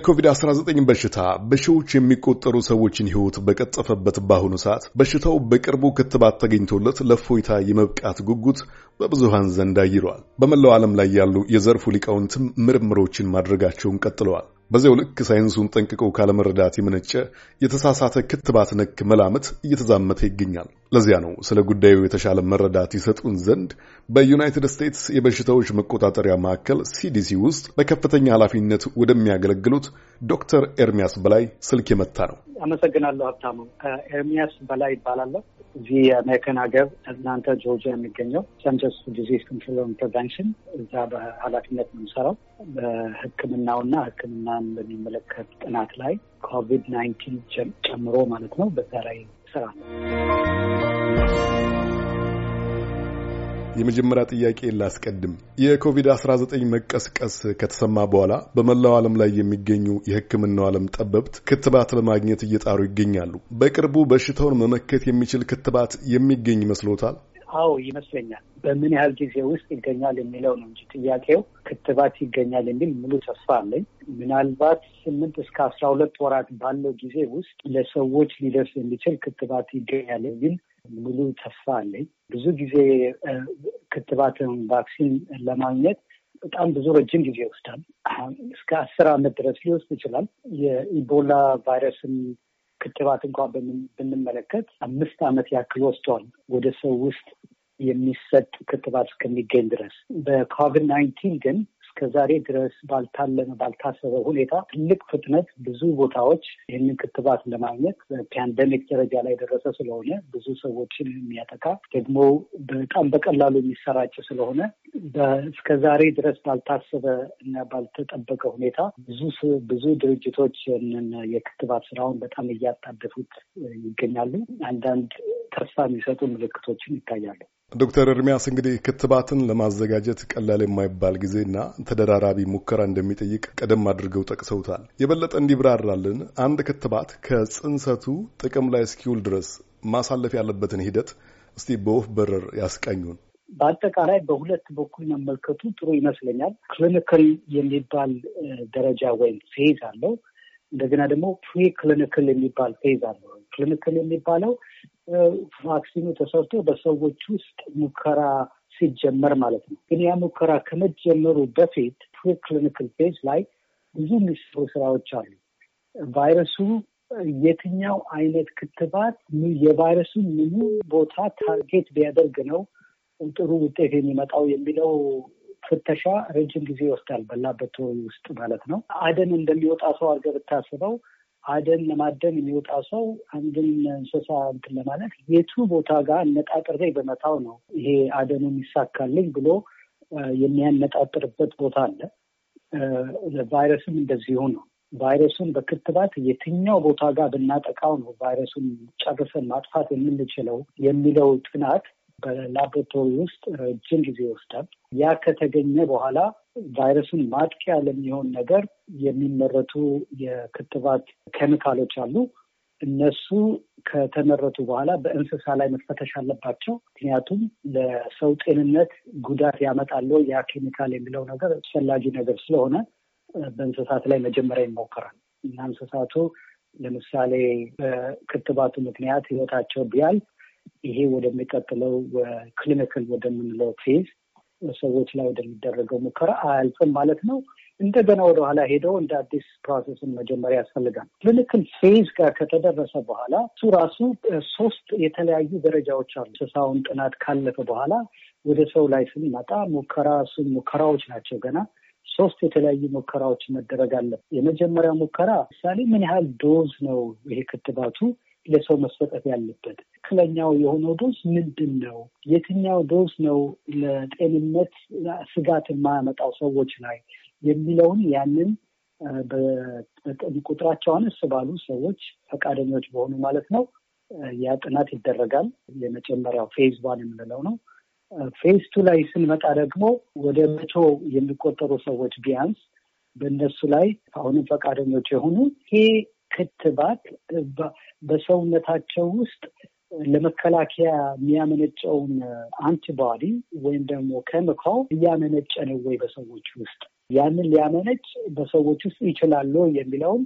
የኮቪድ-19 በሽታ በሺዎች የሚቆጠሩ ሰዎችን ሕይወት በቀጠፈበት በአሁኑ ሰዓት በሽታው በቅርቡ ክትባት ተገኝቶለት ለፎይታ የመብቃት ጉጉት በብዙሃን ዘንድ አይሏል። በመላው ዓለም ላይ ያሉ የዘርፉ ሊቃውንትም ምርምሮችን ማድረጋቸውን ቀጥለዋል። በዚያው ልክ ሳይንሱን ጠንቅቀው ካለመረዳት የመነጨ የተሳሳተ ክትባት ነክ መላምት እየተዛመተ ይገኛል። ለዚያ ነው ስለ ጉዳዩ የተሻለ መረዳት ይሰጡን ዘንድ በዩናይትድ ስቴትስ የበሽታዎች መቆጣጠሪያ ማዕከል ሲዲሲ ውስጥ በከፍተኛ ኃላፊነት ወደሚያገለግሉት ዶክተር ኤርሚያስ በላይ ስልክ የመታ ነው። አመሰግናለሁ ሀብታሙ። ኤርሚያስ በላይ ይባላለሁ። እዚህ የአሜሪካን ሀገር እናንተ ጆርጂያ የሚገኘው ሰንተርስ ዲዚዝ ኮንትሮል ፕሪቨንሽን እዛ በኃላፊነት ነው የምሰራው በሕክምናውና ሕክምናን በሚመለከት ጥናት ላይ ኮቪድ ናይንቲን ጨምሮ ማለት ነው በዛ ላይ ስራ ነው። የመጀመሪያ ጥያቄ ላስቀድም። የኮቪድ-19 መቀስቀስ ከተሰማ በኋላ በመላው ዓለም ላይ የሚገኙ የሕክምናው ዓለም ጠበብት ክትባት ለማግኘት እየጣሩ ይገኛሉ። በቅርቡ በሽታውን መመከት የሚችል ክትባት የሚገኝ ይመስሎታል? አዎ ይመስለኛል። በምን ያህል ጊዜ ውስጥ ይገኛል የሚለው ነው እንጂ ጥያቄው ክትባት ይገኛል የሚል ሙሉ ተስፋ አለኝ። ምናልባት ስምንት እስከ አስራ ሁለት ወራት ባለው ጊዜ ውስጥ ለሰዎች ሊደርስ የሚችል ክትባት ይገኛል የሚል ሙሉ ተስፋ አለኝ። ብዙ ጊዜ ክትባትን ቫክሲን ለማግኘት በጣም ብዙ ረጅም ጊዜ ይወስዳል። እስከ አስር ዓመት ድረስ ሊወስድ ይችላል። የኢቦላ ቫይረስን ክትባት እንኳን ብንመለከት አምስት ዓመት ያክል ወስዷል ወደ ሰው ውስጥ የሚሰጥ ክትባት እስከሚገኝ ድረስ። በኮቪድ ናይንቲን ግን እስከ ዛሬ ድረስ ባልታለመ ባልታሰበ ሁኔታ ትልቅ ፍጥነት ብዙ ቦታዎች ይህንን ክትባት ለማግኘት ፓንደሚክ ደረጃ ላይ ደረሰ ስለሆነ ብዙ ሰዎችን የሚያጠቃ ደግሞ በጣም በቀላሉ የሚሰራጭ ስለሆነ እስከ ዛሬ ድረስ ባልታሰበ እና ባልተጠበቀ ሁኔታ ብዙ ብዙ ድርጅቶች የክትባት ስራውን በጣም እያጣደፉት ይገኛሉ። አንዳንድ ተስፋ የሚሰጡ ምልክቶችም ይታያሉ። ዶክተር እርሚያስ እንግዲህ ክትባትን ለማዘጋጀት ቀላል የማይባል ጊዜና ተደራራቢ ሙከራ እንደሚጠይቅ ቀደም አድርገው ጠቅሰውታል። የበለጠ እንዲብራራልን አንድ ክትባት ከጽንሰቱ ጥቅም ላይ እስኪውል ድረስ ማሳለፍ ያለበትን ሂደት እስቲ በወፍ በረር ያስቀኙን በአጠቃላይ በሁለት በኩል መመልከቱ ጥሩ ይመስለኛል። ክሊኒካል የሚባል ደረጃ ወይም ፌዝ አለው። እንደገና ደግሞ ፕሪ ክሊኒክል የሚባል ፌዝ አለው። ክሊኒካል የሚባለው ቫክሲኑ ተሰርቶ በሰዎች ውስጥ ሙከራ ሲጀመር ማለት ነው። ግን ያ ሙከራ ከመጀመሩ በፊት ፕሪክሊኒካል ፌዝ ላይ ብዙ የሚሰሩ ስራዎች አሉ። ቫይረሱ የትኛው አይነት ክትባት የቫይረሱ ምኑ ቦታ ታርጌት ቢያደርግ ነው ጥሩ ውጤት የሚመጣው የሚለው ፍተሻ ረጅም ጊዜ ይወስዳል። በላቦራቶሪ ውስጥ ማለት ነው። አደን እንደሚወጣ ሰው አድርገህ ብታስበው አደን ለማደን የሚወጣ ሰው አንድን እንስሳ እንትን ለማለት የቱ ቦታ ጋር አነጣጥሬ በመታው ነው ይሄ አደኑ የሚሳካልኝ ብሎ የሚያነጣጥርበት ቦታ አለ። ቫይረስም እንደዚሁ ነው። ቫይረሱን በክትባት የትኛው ቦታ ጋር ብናጠቃው ነው ቫይረሱን ጨርሰን ማጥፋት የምንችለው የሚለው ጥናት በላቦራቶሪ ውስጥ ረጅም ጊዜ ይወስዳል። ያ ከተገኘ በኋላ ቫይረሱን ማጥቂያ ለሚሆን ነገር የሚመረቱ የክትባት ኬሚካሎች አሉ። እነሱ ከተመረቱ በኋላ በእንስሳ ላይ መፈተሽ አለባቸው። ምክንያቱም ለሰው ጤንነት ጉዳት ያመጣል ያ ኬሚካል የሚለው ነገር አስፈላጊ ነገር ስለሆነ በእንስሳት ላይ መጀመሪያ ይሞከራል እና እንስሳቱ ለምሳሌ በክትባቱ ምክንያት ሕይወታቸው ቢያል ይሄ ወደሚቀጥለው ክሊኒክል ወደምንለው ፌዝ ሰዎች ላይ ወደሚደረገው ሙከራ አያልፍም ማለት ነው። እንደገና ወደኋላ ሄደው እንደ አዲስ ፕሮሰስን መጀመሪያ ያስፈልጋል። ክሊኒካል ፌዝ ጋር ከተደረሰ በኋላ እሱ ራሱ ሶስት የተለያዩ ደረጃዎች አሉ። እንስሳውን ጥናት ካለፈ በኋላ ወደ ሰው ላይ ስንመጣ ሙከራ ሙከራዎች ናቸው ገና ሶስት የተለያዩ ሙከራዎች መደረግ አለ። የመጀመሪያ ሙከራ ምሳሌ ምን ያህል ዶዝ ነው ይሄ ክትባቱ ለሰው መሰጠት ያለበት ትክክለኛው የሆነው ዶዝ ምንድን ነው? የትኛው ዶዝ ነው ለጤንነት ስጋት የማያመጣው ሰዎች ላይ የሚለውን ያንን ቁጥራቸው አነስ ባሉ ሰዎች ፈቃደኞች በሆኑ ማለት ነው ያ ጥናት ይደረጋል። የመጀመሪያው ፌዝ ዋን የምንለው ነው። ፌዝ ቱ ላይ ስንመጣ ደግሞ ወደ መቶ የሚቆጠሩ ሰዎች ቢያንስ በእነሱ ላይ አሁንም ፈቃደኞች የሆኑ ይሄ ክትባት በሰውነታቸው ውስጥ ለመከላከያ የሚያመነጨውን አንቲባዲ ወይም ደግሞ ኬሚካል እያመነጨ ነው ወይ በሰዎች ውስጥ ያንን ሊያመነጭ በሰዎች ውስጥ ይችላሉ የሚለውም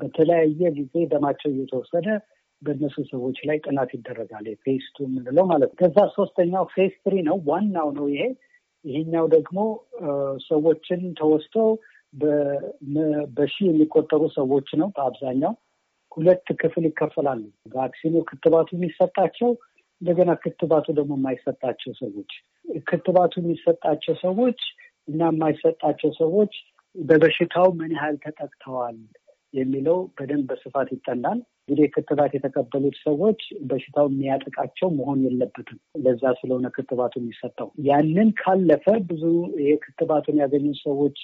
በተለያየ ጊዜ ደማቸው እየተወሰደ በእነሱ ሰዎች ላይ ጥናት ይደረጋል። ፌስ ቱ የምንለው ማለት ነው። ከዛ ሶስተኛው ፌስ ትሪ ነው። ዋናው ነው ይሄ። ይሄኛው ደግሞ ሰዎችን ተወስተው በሺ የሚቆጠሩ ሰዎች ነው። በአብዛኛው ሁለት ክፍል ይከፈላሉ። ቫክሲኑ ክትባቱ የሚሰጣቸው እንደገና ክትባቱ ደግሞ የማይሰጣቸው ሰዎች። ክትባቱ የሚሰጣቸው ሰዎች እና የማይሰጣቸው ሰዎች በበሽታው ምን ያህል ተጠቅተዋል የሚለው በደንብ በስፋት ይጠናል። እንግዲህ ክትባት የተቀበሉት ሰዎች በሽታው የሚያጠቃቸው መሆን የለበትም። ለዛ ስለሆነ ክትባቱ የሚሰጠው ያንን ካለፈ ብዙ ክትባቱን ያገኙ ሰዎች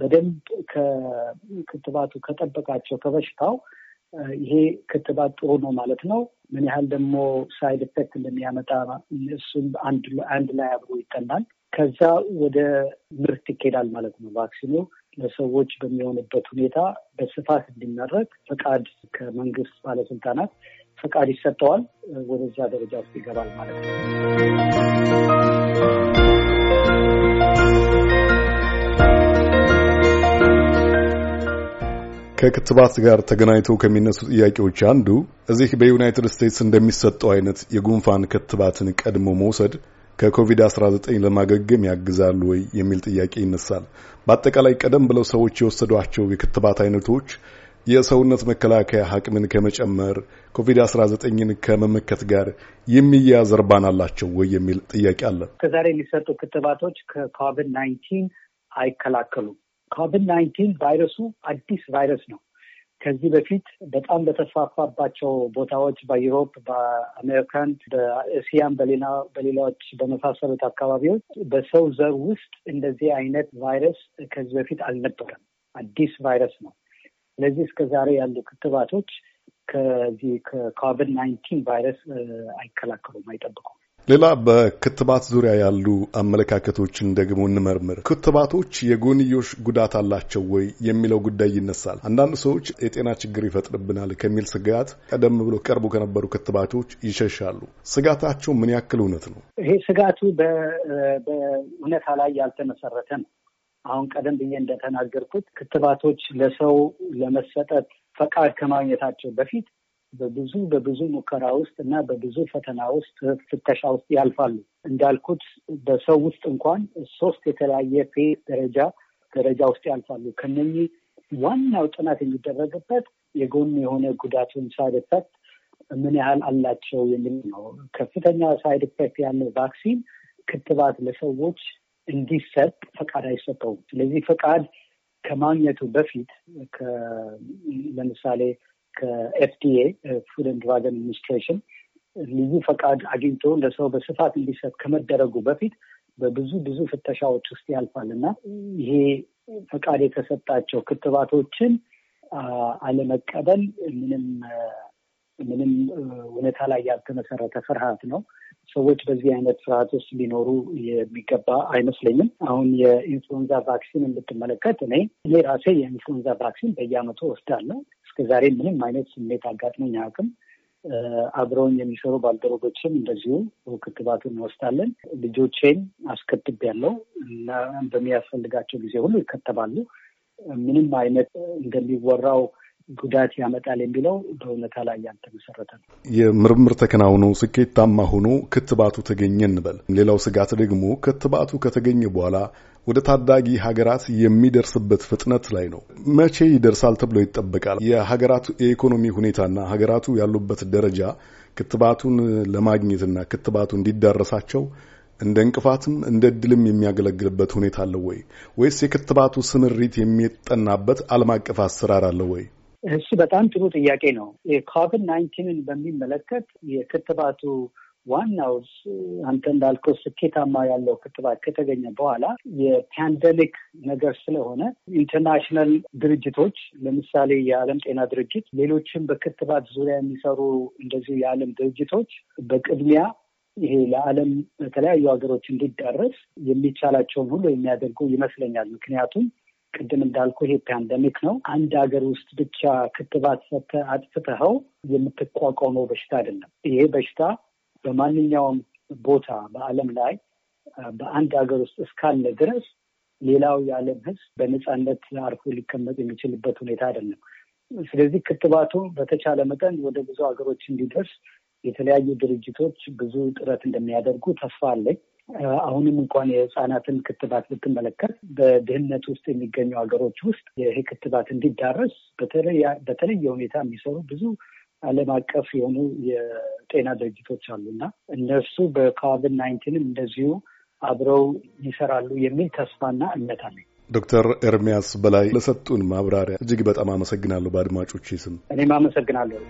በደንብ ከክትባቱ ከጠበቃቸው ከበሽታው ይሄ ክትባት ጥሩ ነው ማለት ነው። ምን ያህል ደግሞ ሳይድ ኢፌክት እንደሚያመጣ እሱም አንድ ላይ አብሮ ይጠናል። ከዛ ወደ ምርት ይኬዳል ማለት ነው። ቫክሲኑ ለሰዎች በሚሆንበት ሁኔታ በስፋት እንዲመረት ፈቃድ ከመንግስት ባለስልጣናት ፈቃድ ይሰጠዋል። ወደዛ ደረጃ ውስጥ ይገባል ማለት ነው። ከክትባት ጋር ተገናኝተው ከሚነሱ ጥያቄዎች አንዱ እዚህ በዩናይትድ ስቴትስ እንደሚሰጠው አይነት የጉንፋን ክትባትን ቀድሞ መውሰድ ከኮቪድ-19 ለማገገም ያግዛሉ ወይ የሚል ጥያቄ ይነሳል። በአጠቃላይ ቀደም ብለው ሰዎች የወሰዷቸው የክትባት አይነቶች የሰውነት መከላከያ አቅምን ከመጨመር ኮቪድ-19ን ከመመከት ጋር የሚያያዝ እርባና አላቸው ወይ የሚል ጥያቄ አለ። ከዛሬ የሚሰጡ ክትባቶች ከኮቪድ-19 አይከላከሉም። ኮቪድ-19 ቫይረሱ አዲስ ቫይረስ ነው። ከዚህ በፊት በጣም በተስፋፋባቸው ቦታዎች በዩሮፕ፣ በአሜሪካን፣ በእስያን በሌላዎች በመሳሰሉት አካባቢዎች በሰው ዘር ውስጥ እንደዚህ አይነት ቫይረስ ከዚህ በፊት አልነበረም። አዲስ ቫይረስ ነው። ስለዚህ እስከ ዛሬ ያሉ ክትባቶች ከዚህ ከኮቪድ ናይንቲን ቫይረስ አይከላከሉም፣ አይጠብቁም። ሌላ በክትባት ዙሪያ ያሉ አመለካከቶችን ደግሞ እንመርምር። ክትባቶች የጎንዮሽ ጉዳት አላቸው ወይ የሚለው ጉዳይ ይነሳል። አንዳንድ ሰዎች የጤና ችግር ይፈጥርብናል ከሚል ስጋት ቀደም ብሎ ቀርቡ ከነበሩ ክትባቶች ይሸሻሉ። ስጋታቸው ምን ያክል እውነት ነው? ይሄ ስጋቱ በእውነታ ላይ ያልተመሰረተ ነው። አሁን ቀደም ብዬ እንደተናገርኩት ክትባቶች ለሰው ለመሰጠት ፈቃድ ከማግኘታቸው በፊት በብዙ በብዙ ሙከራ ውስጥ እና በብዙ ፈተና ውስጥ ፍተሻ ውስጥ ያልፋሉ። እንዳልኩት በሰው ውስጥ እንኳን ሶስት የተለያየ ፌ ደረጃ ደረጃ ውስጥ ያልፋሉ። ከነኚህ ዋናው ጥናት የሚደረግበት የጎን የሆነ ጉዳቱን ሳይድ ኢፌክት ምን ያህል አላቸው የሚል ነው። ከፍተኛ ሳይድ ኢፌክት ያለው ቫክሲን ክትባት ለሰዎች እንዲሰጥ ፈቃድ አይሰጠውም። ስለዚህ ፈቃድ ከማግኘቱ በፊት ለምሳሌ ከኤፍዲኤ ፉድ ኤንድ ድራግ አድሚኒስትሬሽን ልዩ ፈቃድ አግኝቶ ለሰው በስፋት እንዲሰጥ ከመደረጉ በፊት በብዙ ብዙ ፍተሻዎች ውስጥ ያልፋል እና ይሄ ፈቃድ የተሰጣቸው ክትባቶችን አለመቀበል ምንም ምንም እውነታ ላይ ያልተመሰረተ ፍርሃት ነው። ሰዎች በዚህ አይነት ፍርሃት ውስጥ ሊኖሩ የሚገባ አይመስለኝም። አሁን የኢንፍሉዌንዛ ቫክሲን ብትመለከት እኔ እኔ ራሴ የኢንፍሉዌንዛ ቫክሲን በየአመቱ ወስዳለሁ። ዛሬ ምንም አይነት ስሜት አጋጥሞኝ አያውቅም። አብረውን የሚሰሩ ባልደረቦችም እንደዚሁ ክትባቱን እንወስዳለን። ልጆቼን አስከትብ ያለው እና በሚያስፈልጋቸው ጊዜ ሁሉ ይከተባሉ። ምንም አይነት እንደሚወራው ጉዳት ያመጣል የሚለው በእውነታ ላይ ያልተመሰረተ ነው። የምርምር ተከናውኖ ስኬታማ ሆኖ ክትባቱ ተገኘ እንበል። ሌላው ስጋት ደግሞ ክትባቱ ከተገኘ በኋላ ወደ ታዳጊ ሀገራት የሚደርስበት ፍጥነት ላይ ነው። መቼ ይደርሳል ተብሎ ይጠበቃል? የሀገራቱ የኢኮኖሚ ሁኔታና ሀገራቱ ያሉበት ደረጃ ክትባቱን ለማግኘትና ክትባቱ እንዲዳረሳቸው እንደ እንቅፋትም እንደ እድልም የሚያገለግልበት ሁኔታ አለው ወይ? ወይስ የክትባቱ ስምሪት የሚጠናበት ዓለም አቀፍ አሰራር አለው ወይ? እሱ በጣም ጥሩ ጥያቄ ነው። የኮቪድ ናይንቲንን በሚመለከት የክትባቱ ዋናው አንተ እንዳልከው ስኬታማ ያለው ክትባት ከተገኘ በኋላ የፓንደሚክ ነገር ስለሆነ ኢንተርናሽናል ድርጅቶች ለምሳሌ የዓለም ጤና ድርጅት፣ ሌሎችም በክትባት ዙሪያ የሚሰሩ እንደዚሁ የዓለም ድርጅቶች በቅድሚያ ይሄ ለዓለም በተለያዩ ሀገሮች እንዲዳረስ የሚቻላቸውን ሁሉ የሚያደርጉ ይመስለኛል። ምክንያቱም ቅድም እንዳልኩ ይሄ ፓንደሚክ ነው። አንድ ሀገር ውስጥ ብቻ ክትባት ሰተ አጥፍተኸው የምትቋቋመው በሽታ አይደለም። ይሄ በሽታ በማንኛውም ቦታ በዓለም ላይ በአንድ ሀገር ውስጥ እስካለ ድረስ ሌላው የዓለም ሕዝብ በነፃነት አርፎ ሊቀመጥ የሚችልበት ሁኔታ አይደለም። ስለዚህ ክትባቱ በተቻለ መጠን ወደ ብዙ ሀገሮች እንዲደርስ የተለያዩ ድርጅቶች ብዙ ጥረት እንደሚያደርጉ ተስፋ አለኝ። አሁንም እንኳን የህፃናትን ክትባት ብትመለከት በድህነት ውስጥ የሚገኙ ሀገሮች ውስጥ ይሄ ክትባት እንዲዳረስ በተለየ ሁኔታ የሚሰሩ ብዙ ዓለም አቀፍ የሆኑ የጤና ድርጅቶች አሉ እና እነሱ በኮቪድ ናይንቲንም እንደዚሁ አብረው ይሰራሉ የሚል ተስፋና እምነት አለ። ዶክተር ኤርሚያስ በላይ ለሰጡን ማብራሪያ እጅግ በጣም አመሰግናለሁ። በአድማጮች ስም እኔም አመሰግናለሁ።